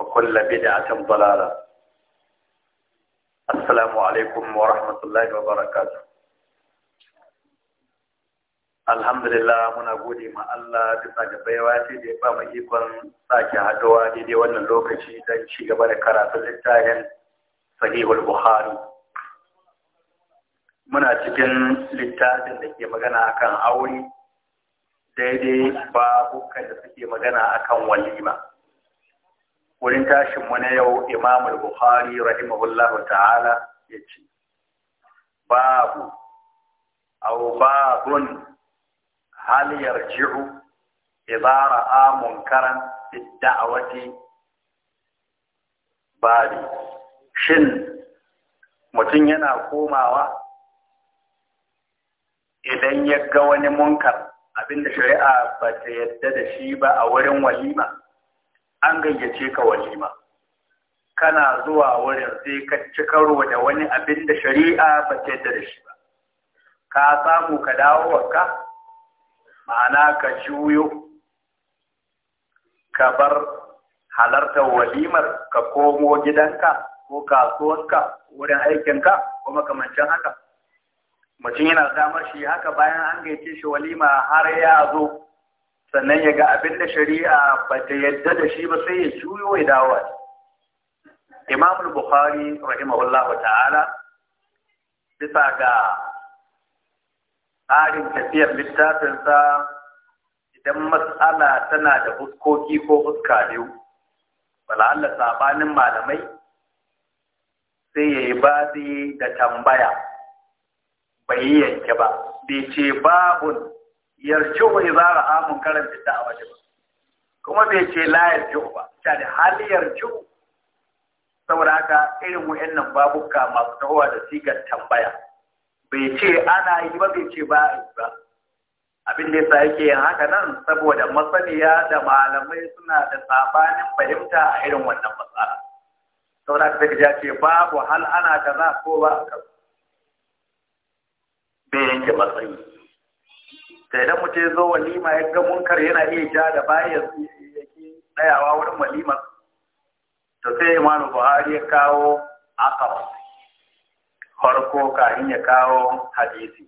وكل بدعة ضلالة السلام عليكم ورحمة الله وبركاته Alhamdulillah muna gode ma Allah bisa ga baiwa sai da ya ba mu ikon sake haduwa daidai wannan lokaci don ci gaba da karatun littafin Sahihul Bukhari. Muna cikin littafin da ke magana akan aure daidai babukan da suke magana akan walima. wurin tashin mu na yau Imamul Buhari bukhari rahimahullahu ta'ala ya ce. babu aw babun hal yarji'u idza ra'a munkaran bid da'wati Babu. shin mutum yana komawa idan ya ga wani munkar abinda shari'a ba ta yadda da shi ba a wurin walima an gayyace ka walima kana zuwa wurin sai ka ci karo da wani abin da shari'a ba ta yadda da shi ba ka samu ka dawo ka ma'ana ka juyo ka bar halartar walimar ka komo gidanka ko kasuwanka wurin aikinka ko makamancin haka mutum yana samar shi haka bayan an gaice shi walima har ya zo sannan ya ga abin da shari'a ba ta yadda da shi ba sai ya juyo ya dawo imam al-bukhari rahimahullah ta'ala bisa ga tsarin tafiyar littafinsa idan matsala tana da fuskoki ko fuska biyu wala'alla sabanin malamai sai ya yi bazi da tambaya bai yanke ba bai ce babun amun idza da a waje ba. kuma bai ce la yarjuhu ba ta da hali yar saboda haka irin nan babuka masu tahowa da sigar tambaya bai ce ana yi ba bai ce ba a yi ba abin da yasa yake yin haka nan saboda masaniya da malamai suna da sabanin fahimta a irin wannan matsala saboda haka sai ya ce babu hal ana kaza ko ba a kasu bai yanke matsayi da idan mutum ya zo walima ya ga munkar yana iya ja da baya ya ke tsayawa wurin walima to sai Imanu Buhari ya kawo akawa farko kafin ya kawo hadisi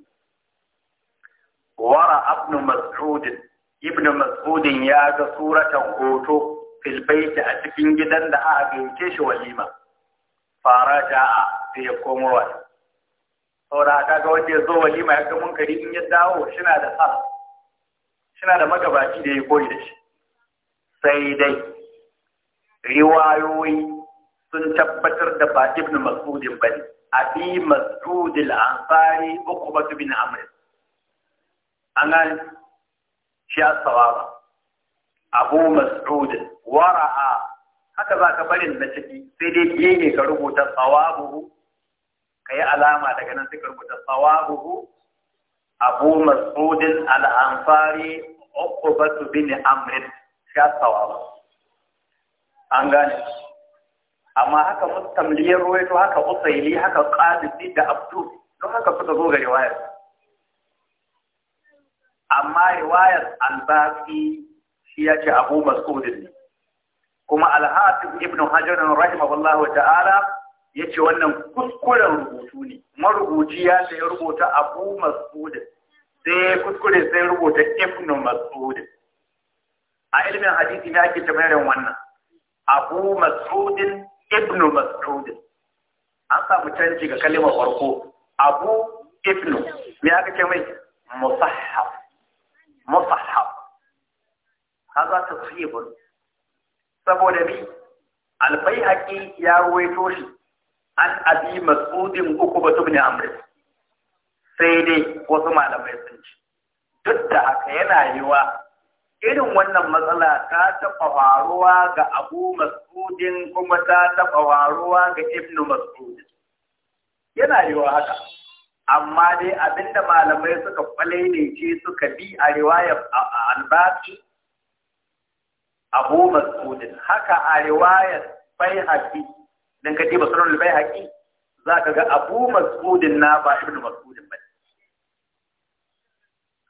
wara abnu mas'ud ibn mas'ud ya ga suratan hoto fil a cikin gidan da aka gaice shi walima fara ja'a sai ya komo wani saboda ga wanda ya zo walima ya ga munkari in ya dawo shina da sa shina da magabaci da ya koyi da shi sai dai riwayoyi sun tabbatar da ba ibn mas'udin bane abi mas'ud al-ansari uqba bin amr anan shi as-sawaba abu mas'ud wara'a haka za ka barin na ciki sai dai yake ka rubuta sawabu ka yi alama daga nan suka rubuta sawabuhu abu mas'udin al'amfari uqbatu bin amrin sha sawabu an gane amma haka mustamliyar ruwaito haka usaili haka qadisi da abdu don haka suka zo ga riwayar amma riwayar albaqi shi ya ce abu mas'udin kuma alhatib ibn hajar rahimahullahu ta'ala ya ce wannan kuskuren rubutu ne marubuci ya ce ya rubuta abu mas'ud sai kuskure sai rubuta ibnu mas'ud a ilimin hadisi ne ake tabayarin wannan abu mas'ud ibnu mas'ud an samu canji ga kalimar farko abu ibnu me aka ce mai musahhaf musahhaf haza tasihibun saboda bi albayhaqi ya ruwaito shi an abi masudin uku ba ne, amri sai dai wasu malamai sun ci duk da haka yana yiwa irin wannan matsala ta taɓa faruwa ga abu masudin kuma ta taɓa faruwa ga ibnu masudin yana yiwa haka amma dai abinda malamai suka kwalaine ce suka bi a riwayar albaci abu masudin haka a riwayar bai haƙi dan ka diba sunan al za ka ga Abu Mas'udin na ba Ibn Mas'udin ba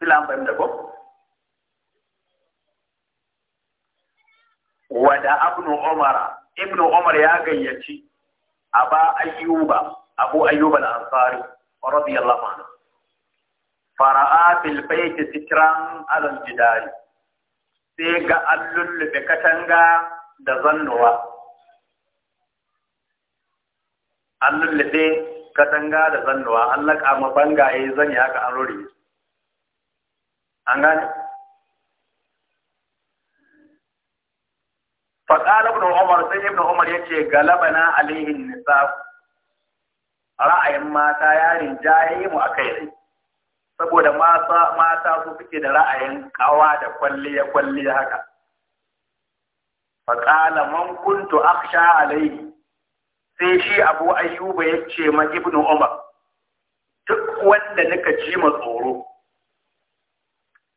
kila an fahimta ko wada Ibn Umar Ibn Umar ya gayyaci Aba Ayyuba Abu Ayyuba al-Ansari radiyallahu anhu fara'a fil bayti sitran ala al-jidari sai ga allul bi katanga da zannuwa an lullube katanga da zannuwa an laƙa ma bangaye yi haka an rure an gane faƙala ibn umar sai ibn umar ya ce galabana alihin nisa ra'ayin mata ya rinjaye mu a kai ne saboda mata su suke da ra'ayin kawa da kwalliya kwalliya haka faƙala man kuntu aksha alaihi sai shi abu ayyuba ya ce ma ibnu umar duk wanda nika ji ma tsoro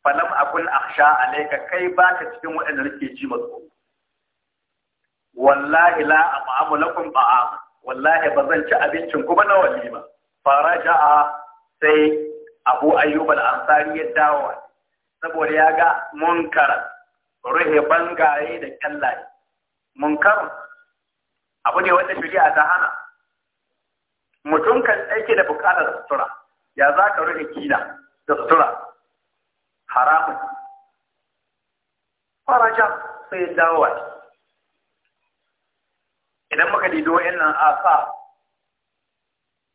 falam akun akhsha alayka kai baka cikin waɗanda nake ji ma tsoro wallahi la amamu lakum ba'am wallahi ba zan ci abincin kuma na walima faraja'a sai abu ayyuba al-ansari ya dawo saboda ya ga munkar ruhe bangaye da kallaye munkar abu ne wanda shari'a ta hana mutum kan aike da bukatar sutura ya za ka rufe kila da sutura haramun faraja sai ya dawo wa idan muka dido a asa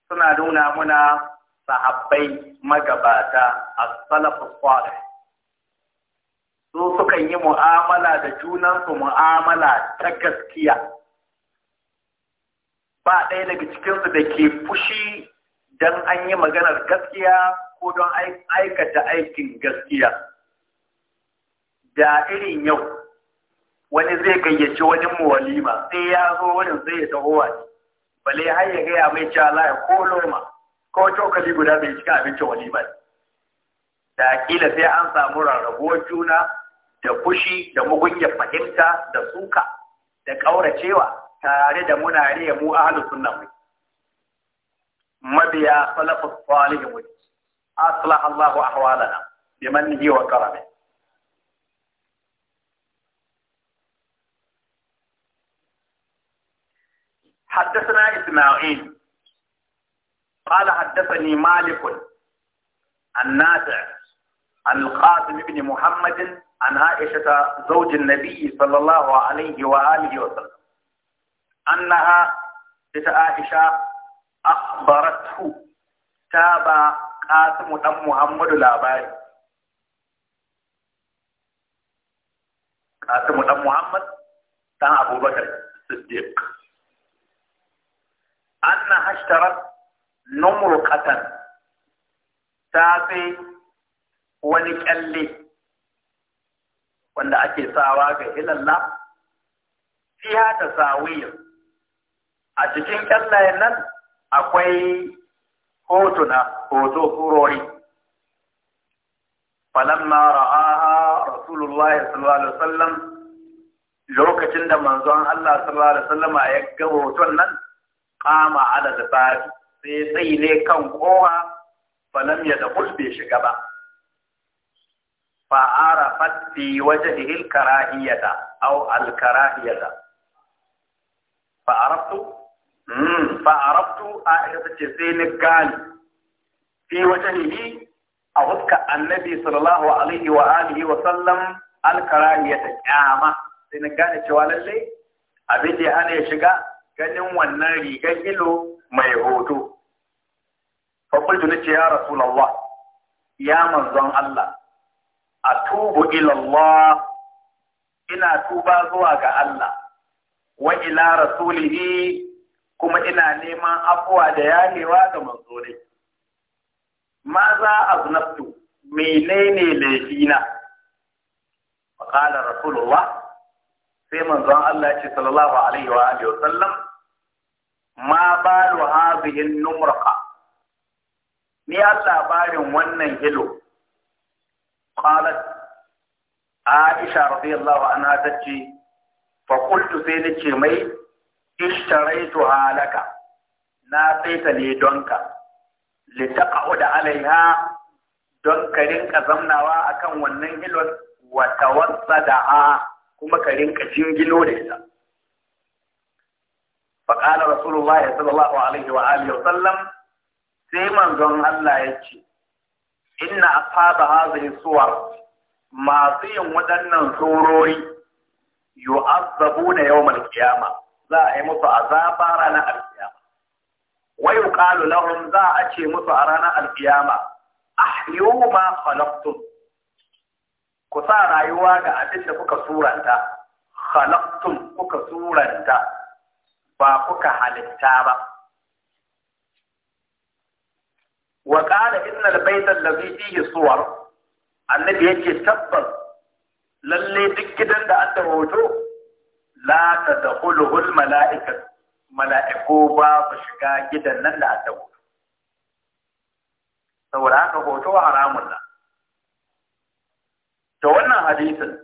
suna nuna muna sahabbai magabata a salafus salih su sukan yi mu'amala da junansu mu'amala ta gaskiya ba ɗaya daga cikinsu da ke fushi don an yi maganar gaskiya ko don aikata aikin gaskiya da irin yau wani zai gayyaci wani walima sai ya zo wani zai ya taho ne bale har ya gaya mai cewa ko loma ko cokali guda mai cika abincin walima da kila sai an samu rarrabuwar juna da fushi da ya fahimta da suka da ƙauracewa tare da muna riya mu ahlus sunna ne mabiya salafus salih mu aslah Allah ahwalana bi manhi wa karami حدثنا إسماعيل قال حدثني مالك عن عن القاسم بن محمد عن عائشة زوج النبي صلى الله عليه وآله وسلم annaha ita Aisha akhbaratu ta ba Qasimu dan Muhammadu labari Qasimu dan Muhammad dan Abubakar Siddiq anna hashtarat numruqatan ta sai wani ƙyalle, wanda ake sawa ga ilalla fiya ta sawiyar a cikin ƙyallayen nan akwai hotuna hoto furori falamma ra'aha rasulullahi sallallahu alaihi wasallam lokacin da manzon Allah sallallahu alaihi wasallam ya ga hoton nan kama ala dabari sai sai ne kan kowa falam ya dakul bai shiga ba fa arafat fi wajhihi au karahiyata aw al-karahiyata fa araftu Hmm. fa arabtu aisha ce sai ni gani fi wajhihi a huska annabi sallallahu alaihi wa alihi wa sallam alkarahiyata kyama sai na gane cewa lalle abin da ya hana ya shiga ganin wannan rigar ilo mai hoto fa qultu ce ya rasulullah ya manzon Allah atubu ila Allah ina tuba zuwa ga Allah wa ila rasulihi kuma ina neman afuwa da yarewa ga manzo ma za a zunabtu menene laifina faƙalar rasulullah sai manzon Allah ce sallallahu alaihi wa Alaihi wa sallam ma balu hadhihi numurka. ni ya labarin wannan hilo ƙalar Aisha radiyallahu anha tace fa qultu sai nace mai ishtaraitu halaka na saita ne donka litaka uda alaiha don ka rinka zamnawa akan wannan hilon wa tawassada a kuma ka rinka jingino da ita fa qala rasulullahi sallallahu alaihi wa alihi wa sallam sai manzon Allah ya ce inna ashaba hadhihi suwar masu yin waɗannan tsorori yu'azzabuna yawmal qiyamah za a yi musu azaba ranar alkiyama wa yuqalu lahum za a ce musu a ranar alkiyama ahyu ma khalaqtum ku sa rayuwa ga abin da kuka suranta khalaqtum kuka suranta ba kuka halitta ba wa qala innal bayta allazi fihi suwar annabi yake tabbas lalle duk gidan da an da hoto la ta da hulhul mala'ika mala'iku ba su shiga gidan nan da aka wuce saboda haka hoto haramun nan to wannan hadisin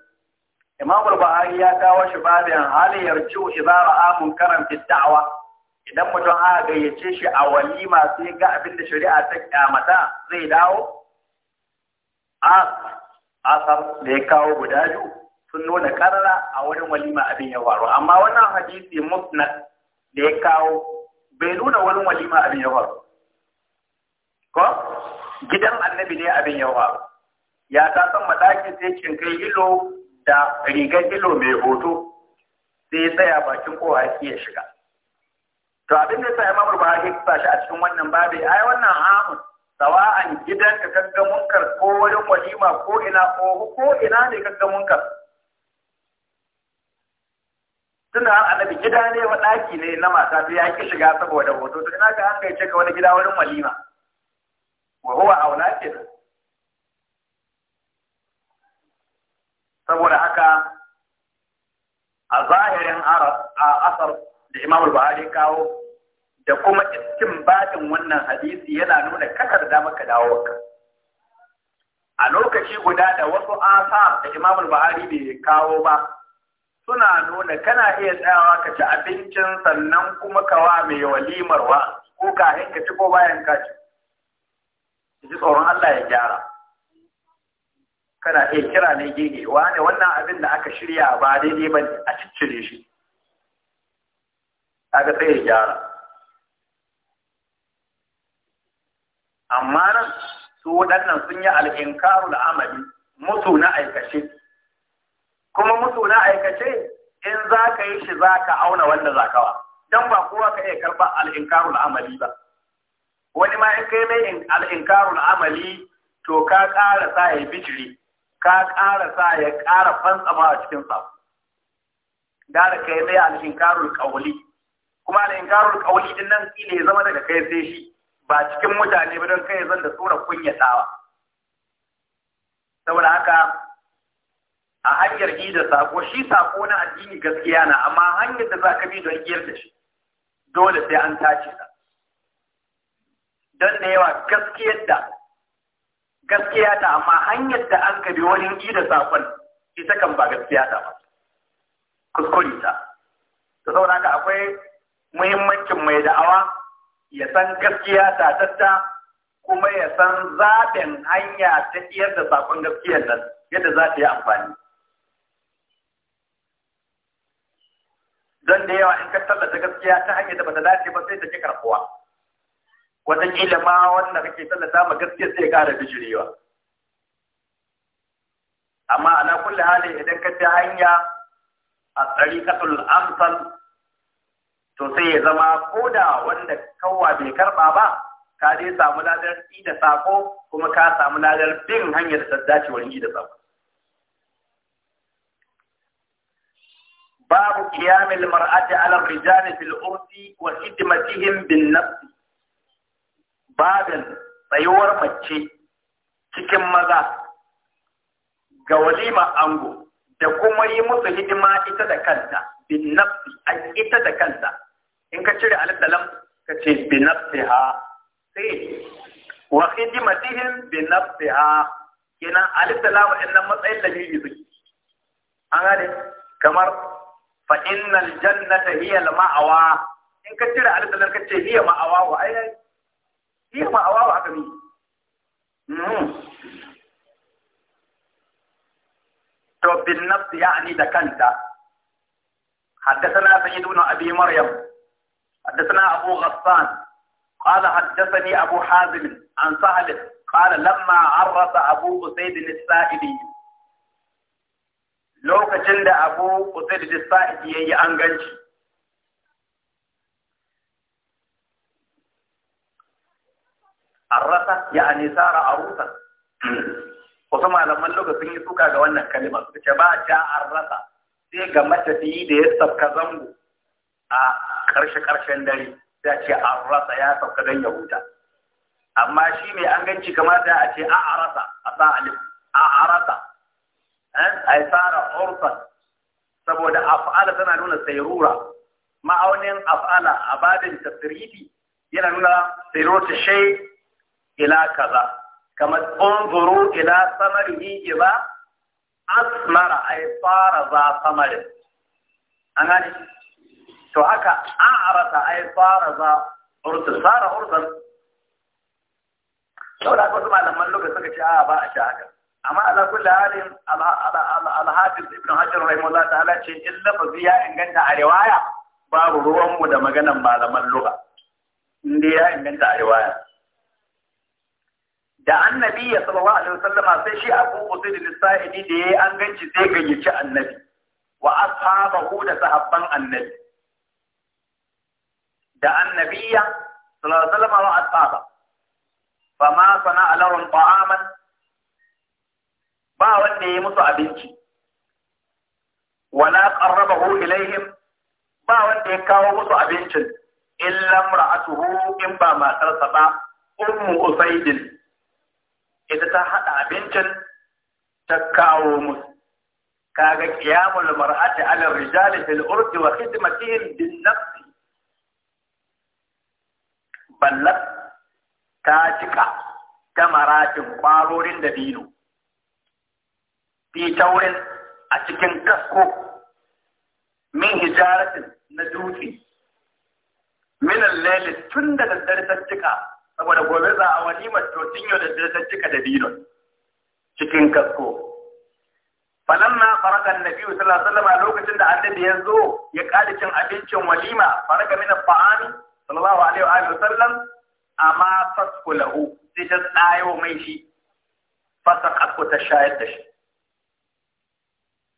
Imam al ya kawo shi babin hali yarju idza ra'a munkaran fi da'wa idan mutum aka gayyace shi a walima sai ga abin da shari'a ta kyamata zai dawo a asar da ya kawo guda biyu sun nuna karara a wurin walima abin ya faru amma wannan hadisi musnad da ya kawo bai nuna wurin walima abin ya faru ko gidan annabi ne abin ya faru ya ta san madaki sai cinkai ilo da rigar ilo mai hoto sai ya tsaya bakin kowa ya shiga to abin da ya sa ba rubahi ya shi a cikin wannan babi ai wannan amun sawa'an gidan ka gaggamunkar ko wurin walima ko ina ko ko ina ne gaggamunkar munkar tunda annabi gida ne wa ɗaki ne na mata sai ya ki shiga saboda hoto to ina ga an kai ce ka wani gida wurin walima wa huwa aula kenan saboda haka a zahirin a asar da imam al-bahari kawo da kuma istinbatin wannan hadisi yana nuna kakar da maka dawo ka a lokaci guda da wasu asar da imam al-bahari bai kawo ba suna nuna kana iya tsayawa ka ci abincin sannan kuma ka wa mai walimar wa ko kahin ka ci ko bayan ka ci ji tsoron Allah ya gyara kana iya kira ne gege wane wannan abin da aka shirya ba daidai ba a ciccire shi kaga sai ya gyara amma nan su waɗannan sun yi al'inkarul amali mutu na aikace kuma mutu na aikace in za ka yi shi za ka auna wanda za ka wa dan ba kowa ka iya karɓar al'inkarul amali ba wani ma in kai mai al'inkarul amali to ka ƙara sa ya bijiri ka ƙara sa ya ƙara fantsama a cikin sa gara kai mai al'inkarun ƙauli kuma al'inkarun ƙauli din nan ne ya zama daga kai sai shi ba cikin mutane ba don kai zan da tsoron kunyatawa saboda haka a hanyar yi da sako shi sako na addini gaskiya na amma hanyar da za ka bi don iyar da shi dole sai an tace ka. don da yawa gaskiyar da gaskiya ta amma hanyar da an kabi wani yi da sakon ita kan ba gaskiya ta ba kuskuri ta da saboda ka akwai muhimmancin mai da'awa ya san gaskiya ta tatta kuma ya san zaɓin hanya ta iyar da sakon gaskiyar nan yadda za ta yi amfani don da yawa in ka tallata gaskiya ta hanyar da bata dace ba sai ta ke karbuwa wataƙila ma wanda kake tallata ma gaskiya sai ya ƙara bijirewa amma ana kulle hali idan ka ta hanya a tsariƙatul amsal to sai ya zama ko da wanda kawwa bai karɓa ba ka dai samu ladar da sako kuma ka samu ladar bin hanyar da ta dacewar wurin da sako babu qiyamil mar'ati 'ala ar-rijali fil ursi wa khidmatihim bin nafs babin tsayuwar mace cikin maza ga walima ango da kuma yi musu hidima ita da kanta bin nafsi ita da kanta in ka cire alif ka ce bi ha?' sai wa khidmatihim bi nafsiha kenan alif da lam din matsayin da yake an gane kamar فإن الجنة هي المأوى إن كتير على ذلك كتير هي مأوى وأين هي مأوى وعقبي تو بالنفس يعني دكنت حدثنا سيدنا أبي مريم حدثنا أبو غصان قال حدثني أبو حازم عن سهل قال لما عرض أبو أسيد السائلي lokacin da abu kusur da sa'idi ya yi an ganci arrasa ya anisara a rusa wasu malaman lokacin yi suka ga wannan kalimar su ce ba ja arrasa sai ga matafiyi da ya sabka zango a karshe ƙarshen dare a ce arrasa ya sabka don ya huta amma shi mai an ganci kamata a ce a arasa a sa alif a arasa Eh, ai tsara urfan saboda af'ala tana nuna sayrura ma'aunin af'ala a babin tasridi yana nuna sayrota shay ila kaza kamar unzuru ila samarihi idza asmara ay tsara za samarin an gani. to haka a'rata ay tsara za urtu tsara urtan saboda haka wasu malaman lokacin suka ce a ba a shi haka amma ala kulli halin al-hafiz ibn hajar rahimahullah ta'ala ce in lafazi ya inganta a riwaya babu ruwanmu da maganan malaman lugha inda ya inganta a riwaya da annabi ya sallallahu alaihi wasallama sai shi abu usaid al-sa'idi da yayi an ganci sai gayyaci annabi wa ashabahu da sahabban annabi da annabiya sallallahu alaihi wasallama wa ashaba fama sana'a lahum ta'aman ba wanda ya musu abinci wala qarrabahu ilaihim ba wanda ya kawo musu abincin illa imra'atuhu in ba matarsa ba ummu usaidin ita ta hada abincin ta kawo musu kaga qiyamul mar'ati 'ala ar-rijali fil urdi wa khidmatihim bin nafs ballat ta jika ta maratin kwarorin dabino. fi taurin a cikin kasko min hijaratin na dutse min al tun da daddare ta cika saboda gobe za a wani mato tun da daddare ta cika da dinon cikin kasko falamma faraka annabi sallallahu alaihi wasallam lokacin da annabi ya zo ya kada cin abincin walima faraka min faani sallallahu alaihi wa sallam amma fasqulahu sai ta tsayo mai shi fasaqatu ta shayar da shi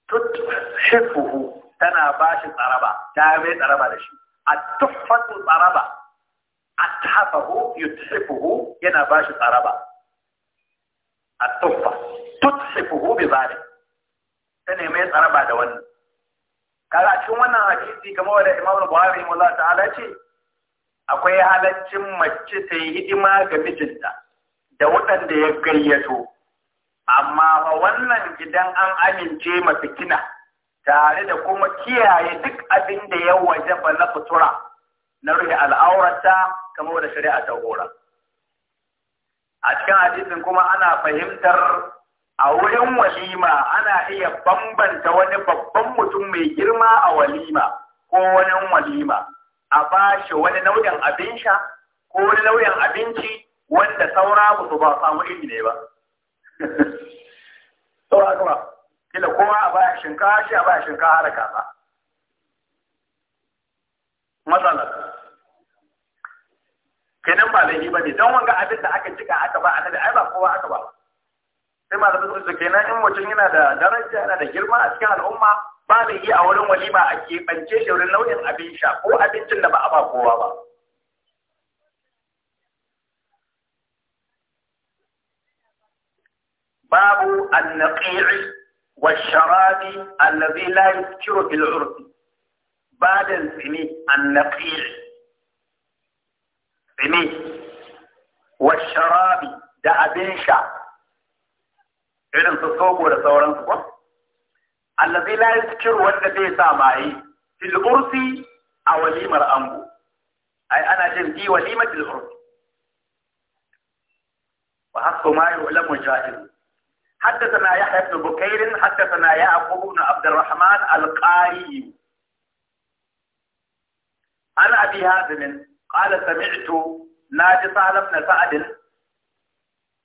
tuhifuhu tana ba shi tsaraba ta mai tsaraba da shi a tuffatu tsaraba a tafahu yuthifuhu yana ba shi tsaraba a tuffa tuthifuhu bi zalik ta mai tsaraba da wannan kaga cikin wannan hadisi kamar wanda Imam Buhari mu Allah ta'ala ce akwai halaccin mace ta yi hidima ga mijinta da waɗanda ya gayyato amma fa wannan idan an amince ma fitina tare da kuma kiyaye duk abin da ya ba na fitura na rufe al'aurata kamar da shari'a ta hora a cikin hadisin kuma ana fahimtar a wurin walima ana iya bambanta wani babban mutum mai girma a walima ko wani walima a bashi wani nau'in abin sha ko wani nau'in abinci wanda saura ba su ba samu ne ba saura kuma kila kowa a baya shinkawa shi a baya shinkawa da kaza matsalar kenan ba laifi ba ne don wanga abin da aka jika aka ba annabi ai ba kowa aka ba sai malamin su kenan in mutum yana da daraja yana da girma a cikin al'umma ba laifi a wurin walima a keɓance shi wurin nau'in abin sha ko abincin da ba a ba kowa ba باب النقيع والشراب الذي لا يذكر بالعرف بعد الفمي النقيع فمي والشراب ده أبيشا علم تصوب ولا صورن الذي لا يذكر والذي سامعي في العرس أو ليم الأمر أي أنا جندي وليمة العرس وحق ما يعلم جاهل حدثنا يحيى بن بكير حدثنا يعقوب بن عبد الرحمن القاري عن ابي هازم قال سمعت ناجي سهل بن سعد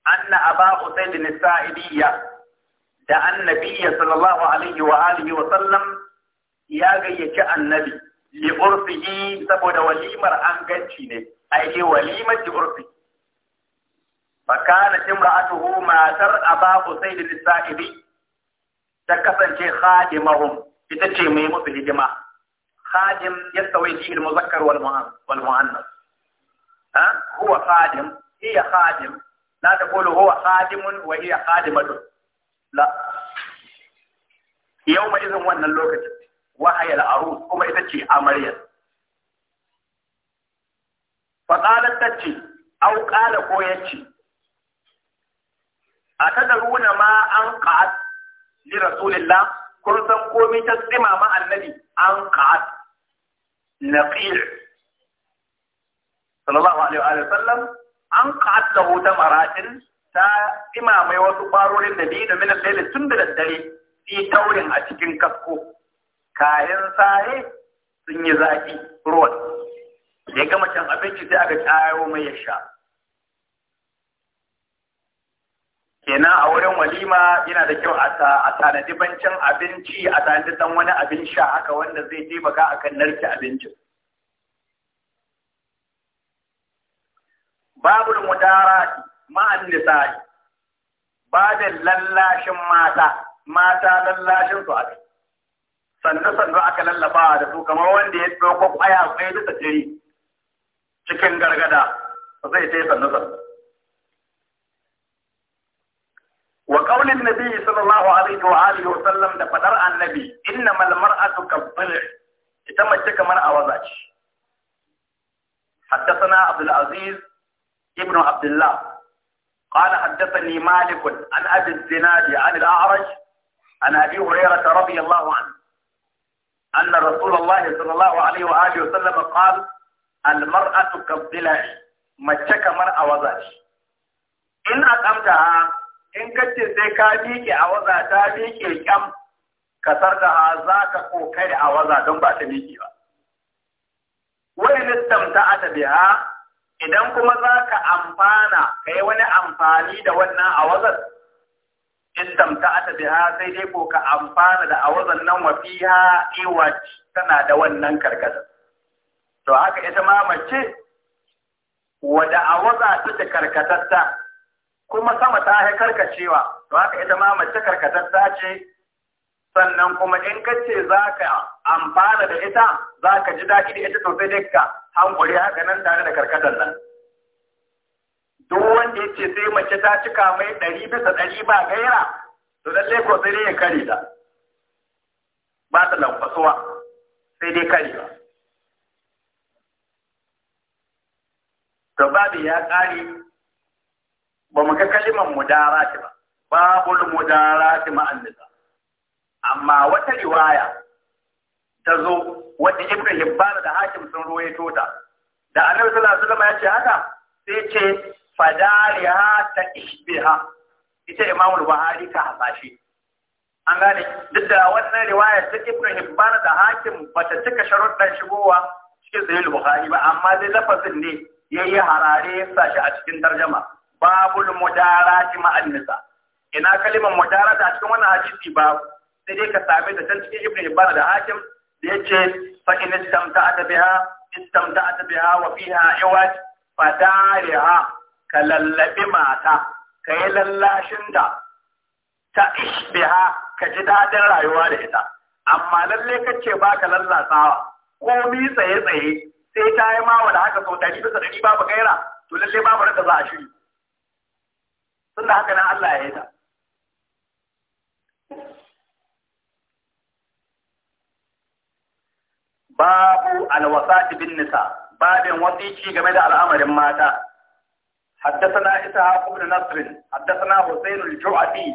ان ابا حسين السائدي دعا النبي صلى الله عليه واله وسلم يا غيك النبي لعرفه سبب وليمر انغنشي ne ai walimar urfi فكانت امرأته ما تر أبا سيد السائب تكفن شي خادمهم يتشي ميمو في الهجمة خادم يستوي فيه المذكر والمؤنث ها هو خادم هي خادم لا تقول هو خادم وهي خادمة لا يومئذ هو أن اللوكت وهي العروس وما يتشي عمليا فقالت تتشي أو قال هو يتشي a tadaruna ma an qa'at li rasulillah kun san komai ta tsima ma annabi an qa'at naqir sallallahu alaihi wa sallam an qa'at lahu tamaratin ta tsima mai wasu ƙwarorin da biyu da minan tun da daddare fi taurin a cikin kasko kayan sare sun yi zaki ruwan da ya gama can abinci sai aka ƙaro mai yasha. sha kenan a wurin walima yana da kyau a tanadi bancin abinci a tanadi dan wani abin sha haka wanda zai taimaka a kan narke abincin babul mudarati ma'an nisa'i ba da lallashin mata mata lallashin su aka sannu sannu aka lallafa da su kamar wanda ya tsoko kwaya kwaya da tsiri cikin gargada zai sai sannu sannu وقول النبي صلى الله عليه وآله وسلم da fadar النبي إنما المرأة kabbil إتما جك من awaza حدثنا عبد العزيز ابن عبد الله قال حدثني مالك عن ابي الزناد عن الاعرج عن ابي هريره رضي الله عنه ان رسول الله صلى الله عليه واله وسلم قال المراه كالضلع متشك من أوضعش ان اقمتها in kace sai ka miƙe a waza ta miƙe kyam kasar da za ka kokari a waza don ba ta miƙe ba wani listamta a ta biya idan kuma za ka amfana ka yi wani amfani da wannan a wazar istamta a ta biya sai dai ko ka amfana da a wazan nan wa fiha iwaj tana da wannan karkasa to haka ita ma mace wadda a waza ta karkatatta kuma sama ta yi karkacewa to haka ita ma mace karkatatta ce sannan kuma in ka ce za ka amfana da ita za ka ji daɗi da ita sosai da ka hankuri haka nan tare da karkatar nan duk wanda ya ce sai mace ta cika mai ɗari bisa ɗari ba gaira to lallai ko sai dai ya kare ta ba ta lankwasuwa sai dai ba to babu ya ƙare ba mu ga kalimar mudarati ba babul mudarati ma'an nisa amma wata riwaya ta zo wadda ibnu hibban da hakim sun ruwaito ta da annabi sallallahu alaihi wasallam ya ce haka sai ce fadariha ta ishbiha ita imamul buhari ta hasashe an gane duk da wannan riwaya ta ibnu hibban da hakim bata cika sharuɗan shigowa cikin sahih buhari ba amma dai lafazin ne yayi harare sashi a cikin tarjama babul mudarati ma'an nisa ina kalimar mudarata cikin wannan hadisi ba sai dai ka same da can cikin ibnu hibban da hakim da yace fa in istamta'ata biha istamta'ata biha wa fiha iwaj fa dariha ka lallabi mata ka yi lallashin da ta ishbiha ka ji dadin rayuwa da ita amma lalle kace ba ka lallasawa komi tsaye tsaye sai ta yi ma wanda haka sau ɗari bisa ɗari babu gaira to lalle babu raka za a shiri sun da haka nan Allah ya باب الوفاة بالنساء alwasati bin nisa babin حدثنا إسحاق بن نصر حدثنا حسين الجعدي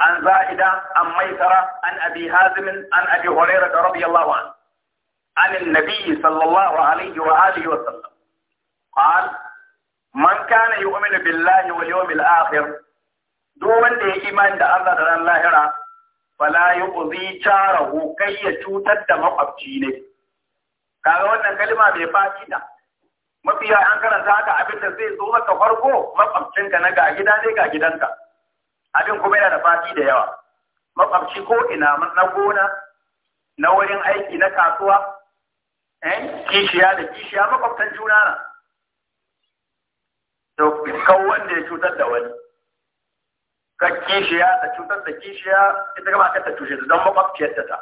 عن زائدة عن ميسرة عن أبي هازم عن أبي هريرة رضي الله عنه عن النبي صلى الله عليه وآله وسلم قال man kana yu'minu billahi wal yawmil akhir duk wanda ya imani da Allah da ran lahira fala yu'zi jarahu kai ya cutar da makwabci ne kaga wannan kalma bai mafi mafiya an karanta haka abin da zai zo maka farko makwabcinka na ga gida ne ga gidanka abin kuma yana da fadi da yawa makwabci ko ina na gona na wurin aiki na kasuwa eh kishiya da kishiya makwabtan juna na kan wanda ya cutar da wani ka kishiya ta cutar da kishiya ita kama ka ta cushe ta don makwabciyar ta ta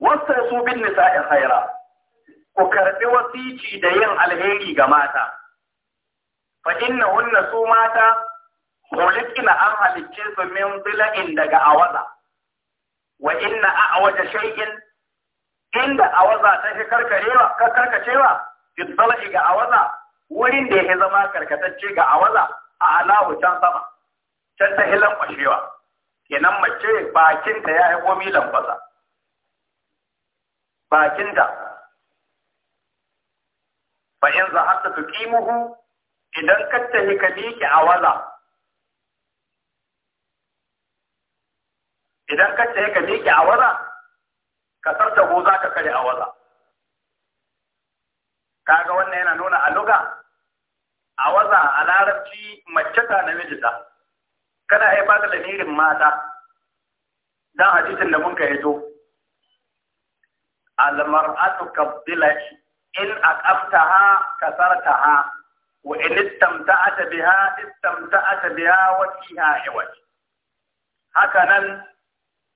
wasu su bin nisa in haira ku karɓi wasici da yin alheri ga mata fa inna hunna su mata khuliqina an halicce su min bila'in daga awaza wa inna a'waja shay'in inda awaza ta shi karkarewa ka karkacewa fi ga awaza wurin da ya zama karkatacce ga awaza a alahu can sama can ta hi lankwashewa kenan mace bakinta ya yi komi bakin bakinta fa in za haka tuqimuhu idan ka ta ka miƙe awaza idan ka tahi ka miƙe awaza kasar taho za ka kare awaza kaga wannan yana nuna a luga a waza a larabci mace ta namiji ta kada ai ba da lamirin mata dan hadisin da mun ka yato al-mar'atu kabdilati in aqaftaha kasartaha wa in istamta'ata biha istamta'ata biha wa fiha iwaj haka nan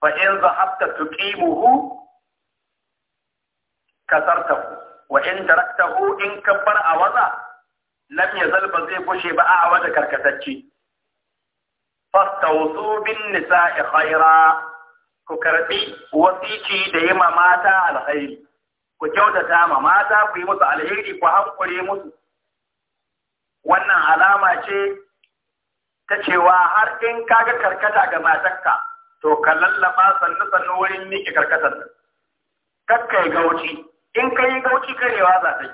fa in zahabta tuqimuhu kasartahu wa in taraktahu in kabbar a waza lam yazal ba zai gushe ba a waza karkatacce fastawsu bin nisa'i khaira ku karbi wasici da yi mata alkhairi ku kyautata ma mata ku yi musu alheri ku hankure musu wannan alama ce ta cewa har in kaga karkata ga matarka to ka lallaba sannu sannu wurin miƙe karkatar nan kakkai gauci in ka yi gauci karewa za ta yi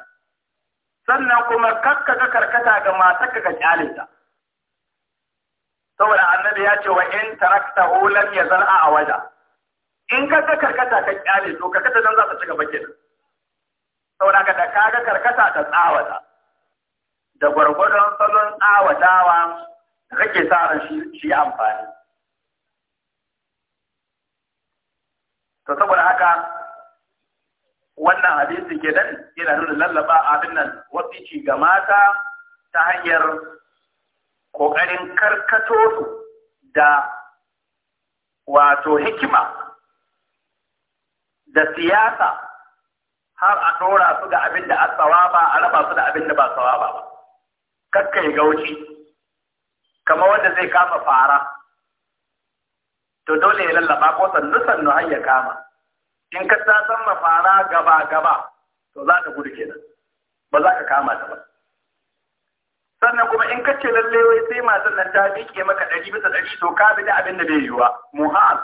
sannan kuma kakka ka karkata ga matar ka kyale ta saboda annabi ya ce wa in taraktahu ya zara a waja in ka ga karkata ka kyale to karkata nan za ta ci gaba kenan saboda ka da kaga karkata ta tsawata da gwargwadon salon tsawatawa da kake sa ran shi shi amfani to saboda haka wannan hadisi nan yana nuna lallaba abin nan ci ga mata ta hanyar ƙoƙarin karkato su da wato hikima da siyasa har a ɗora su ga abin da a tsawaba a raba su da abin da ba tsawaba ba kakkai gauci kama wanda zai kama fara to dole ya lallaba ko sannu sannu har ya kama in ka san ma fara gaba gaba to za ta gudu kenan ba za ka kama ta ba sannan kuma in ka ce lalle wai sai masu nan ta miƙe maka ɗari bisa ɗari to ka bi da abin da bai yiwuwa muhal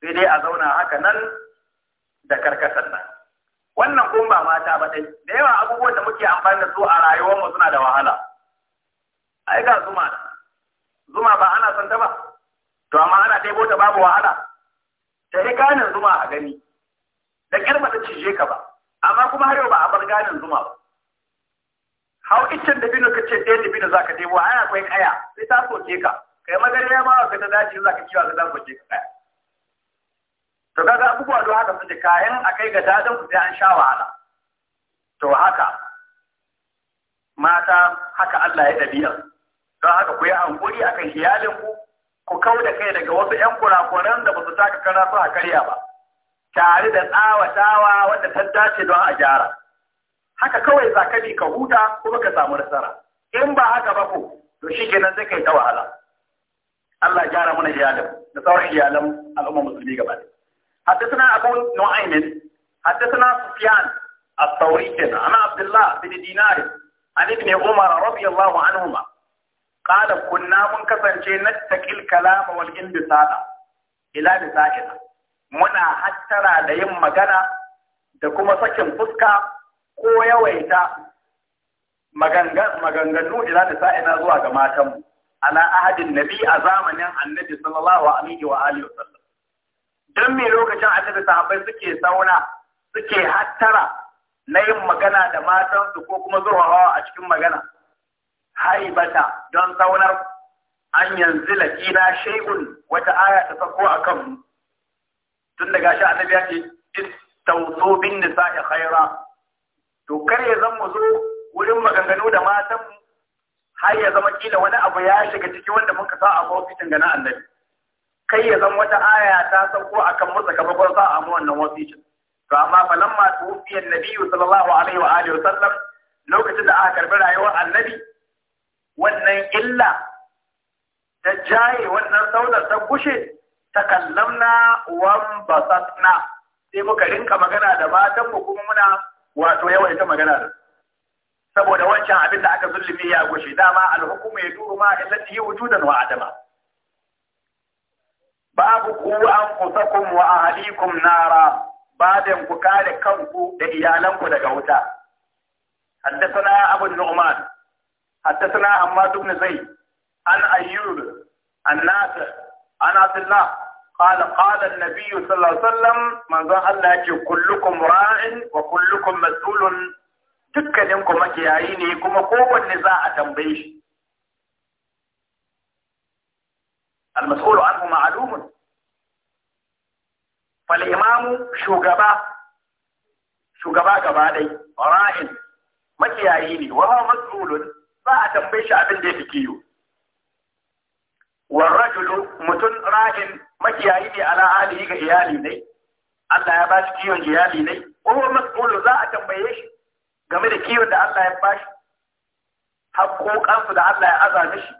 sai dai a zauna haka nan da karkasar nan wannan kun ba mata ba dai da yawa abubuwan da muke amfani da su a rayuwarmu suna da wahala ai ga zuma zuma ba ana son ta ba to amma ana ɗebo ta babu wahala ta yi ganin zuma a gani da ƙyar ba ta cije ka ba amma kuma har yau ba a bar ganin zuma ba hau iccen da binu ka ce ɗaya da binu za ka debo ai akwai kaya sai ta soke ka kai magana ya mawa ka ta dace za ka kiwa ka za ka ka kaya to kaga abubuwa don haka suke kayan a kai ga dadin ku sai an sha wahala to haka mata haka Allah ya ɗabi'a don haka ku yi hankuri akan iyalinku ku kau da kai daga wasu ‘yan kurakuran da ba su taka kara su a karya ba, tare da tsawatawa wadda ta dace don a gyara. Haka kawai za ka bi ka huta kuma ka samu nasara. In ba haka ba ko, to shi kenan sai kai ta wahala. Allah gyara mana iyalan da sauran iyalan al'umma musulmi gaba ɗaya. حدثنا أبو نعيم حدثنا سفيان الثوري عن عبد الله بن دينار عن ابن عمر رضي الله عنهما qala kunna mun kasance nattaqil kalama wal indisada ila bisaina muna hattara da yin magana da kuma sakin fuska ko yawaita maganganu ila nisa'ina zuwa ga matanmu ala ahadin nabi a zamanin annabi sallallahu alaihi wa alihi wa sallam dan me lokacin annabi sahabbai suke sauna suke hattara na yin magana da matan su ko kuma zuwa a cikin magana haibata don saunar an yanzu laƙina shay'un wata aya ta sako a kan tun daga shi annabi ya ce istawso bin ya khaira to kar ya zama mu zo wurin maganganu da matan har ya zama kila wani abu ya shiga ciki wanda muka sa a ofishin gana annabi kai ya zan wata aya ta sako a akan mu sakamakon sa a mu wannan wasitin to amma fa falamma tuwfiya annabi sallallahu alaihi wa alihi wa sallam lokacin da aka karbi rayuwar annabi wannan illa ta jaye wannan saunar ta kushe ta kallamna wan basatna sai muka rinka magana da matan mu kuma muna wato yawaita magana da saboda wancan abin da aka zulumi ya gushe dama alhukumu ya duru ma illati yi wujudan wa adama babu ku an kusakum wa ahlikum nara baden ku kare kanku da iyalanku daga wuta حدثنا أبو النعمان حدثنا حماد بن زيد عن أيوب عن نافع عن عبد الله قال قال النبي صلى الله عليه وسلم من ذا الله كلكم راع وكلكم مسؤول تكلمكم makiyayi ne kuma kowanne za المسؤول عنه معلوم فالإمام شوغبا شوغبا gaba راعي ra'in makiyayi ne wa ba a tambaye shi abin da ya fi kiyo Warajulu mutum ra'in makiyayi ne ala alihi ga iyali ne Allah ya bashi kiyon iyali ne ko mas'ulu za a tambaye shi game da kiyon da Allah ya bashi haƙoƙansu da Allah ya aza shi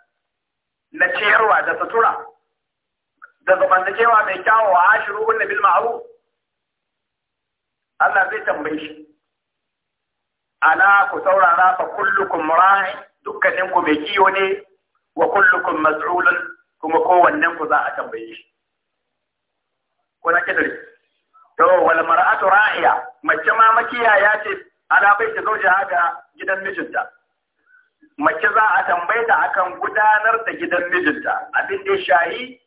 na ciyarwa da sutura da zamantakewa mai kyawo a ashiru unna bil ma'ruf Allah zai tambaye shi ala ku saurara fa kullukum ra'in Dukkaninku mai kiyo ne wa kullukun mas'ulun kuma kowannen ku za a tambaye shi kuna kidri to wal mar'atu ra'iya mace ma makiyaya ce ala bai ta zauje haka gidan mijinta mace za a tambaye ta akan gudanar da gidan mijinta abin da shayi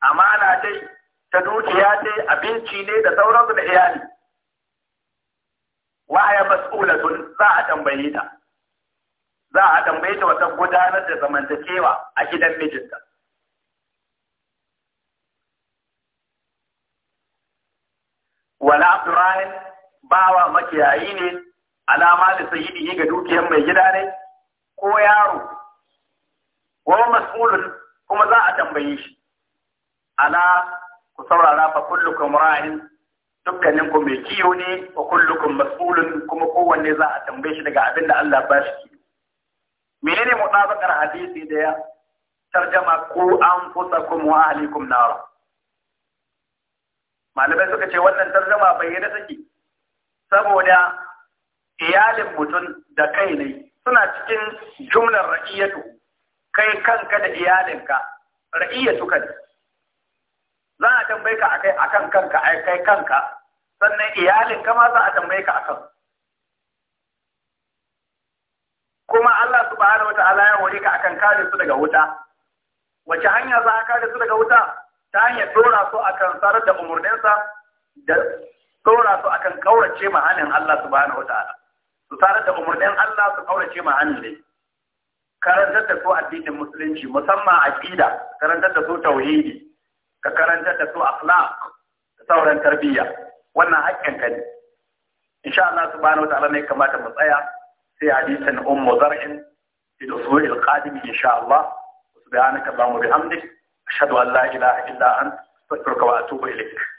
amana dai ta dukiya dai abinci ne da sauransu da iyali wa ya mas'ulatun za a tambaye ta za a tambaye ta wata gudanar da zamantakewa a gidan mijinta wala abdurrahim bawa makiyayi ne alama da sayidi ga dukiyar mai gida ne ko yaro ko mas'ulun kuma za a tambaye shi Ana ku saurara fa kullukum ra'in dukkanin mai kiyo ne wa kullukum mas'ulun kuma kowanne za a tambaye shi daga abin da Allah ba shi menene mutabakar hadisi da ya tarjama ku anfusakum wa ahlikum nar malamai suka ce wannan tarjama bayyana take saboda iyalin mutum da kai ne suna cikin jumlar ra'iyatu kai kanka da iyalinka ra'iyatu kan za a tambaye ka akai akan kanka ai kai kanka sannan iyalinka ma za a tambaye ka akan kuma Allah subhanahu wata'ala ya hore ka akan kare su daga wuta wace hanya za a kare su daga wuta ta hanyar dora su akan sarar da umurninsa da dora su akan kaurace ma hannun Allah subhanahu wata'ala su sarar da umurnin Allah su kaurace ma hannun ne karantar da su addinin musulunci musamman aqida karantar da su tauhidi ka karantar da su akhlaq da sauran tarbiyya wannan haƙƙin ka ne insha Allah subhanahu wata'ala ne kamata mu tsaya sai hadisin ummu zar'in fi usul al-qadim insha Allah Wasu allahumma bihamdik ashhadu an la ilaha illa anta astaghfiruka wa atubu ilayk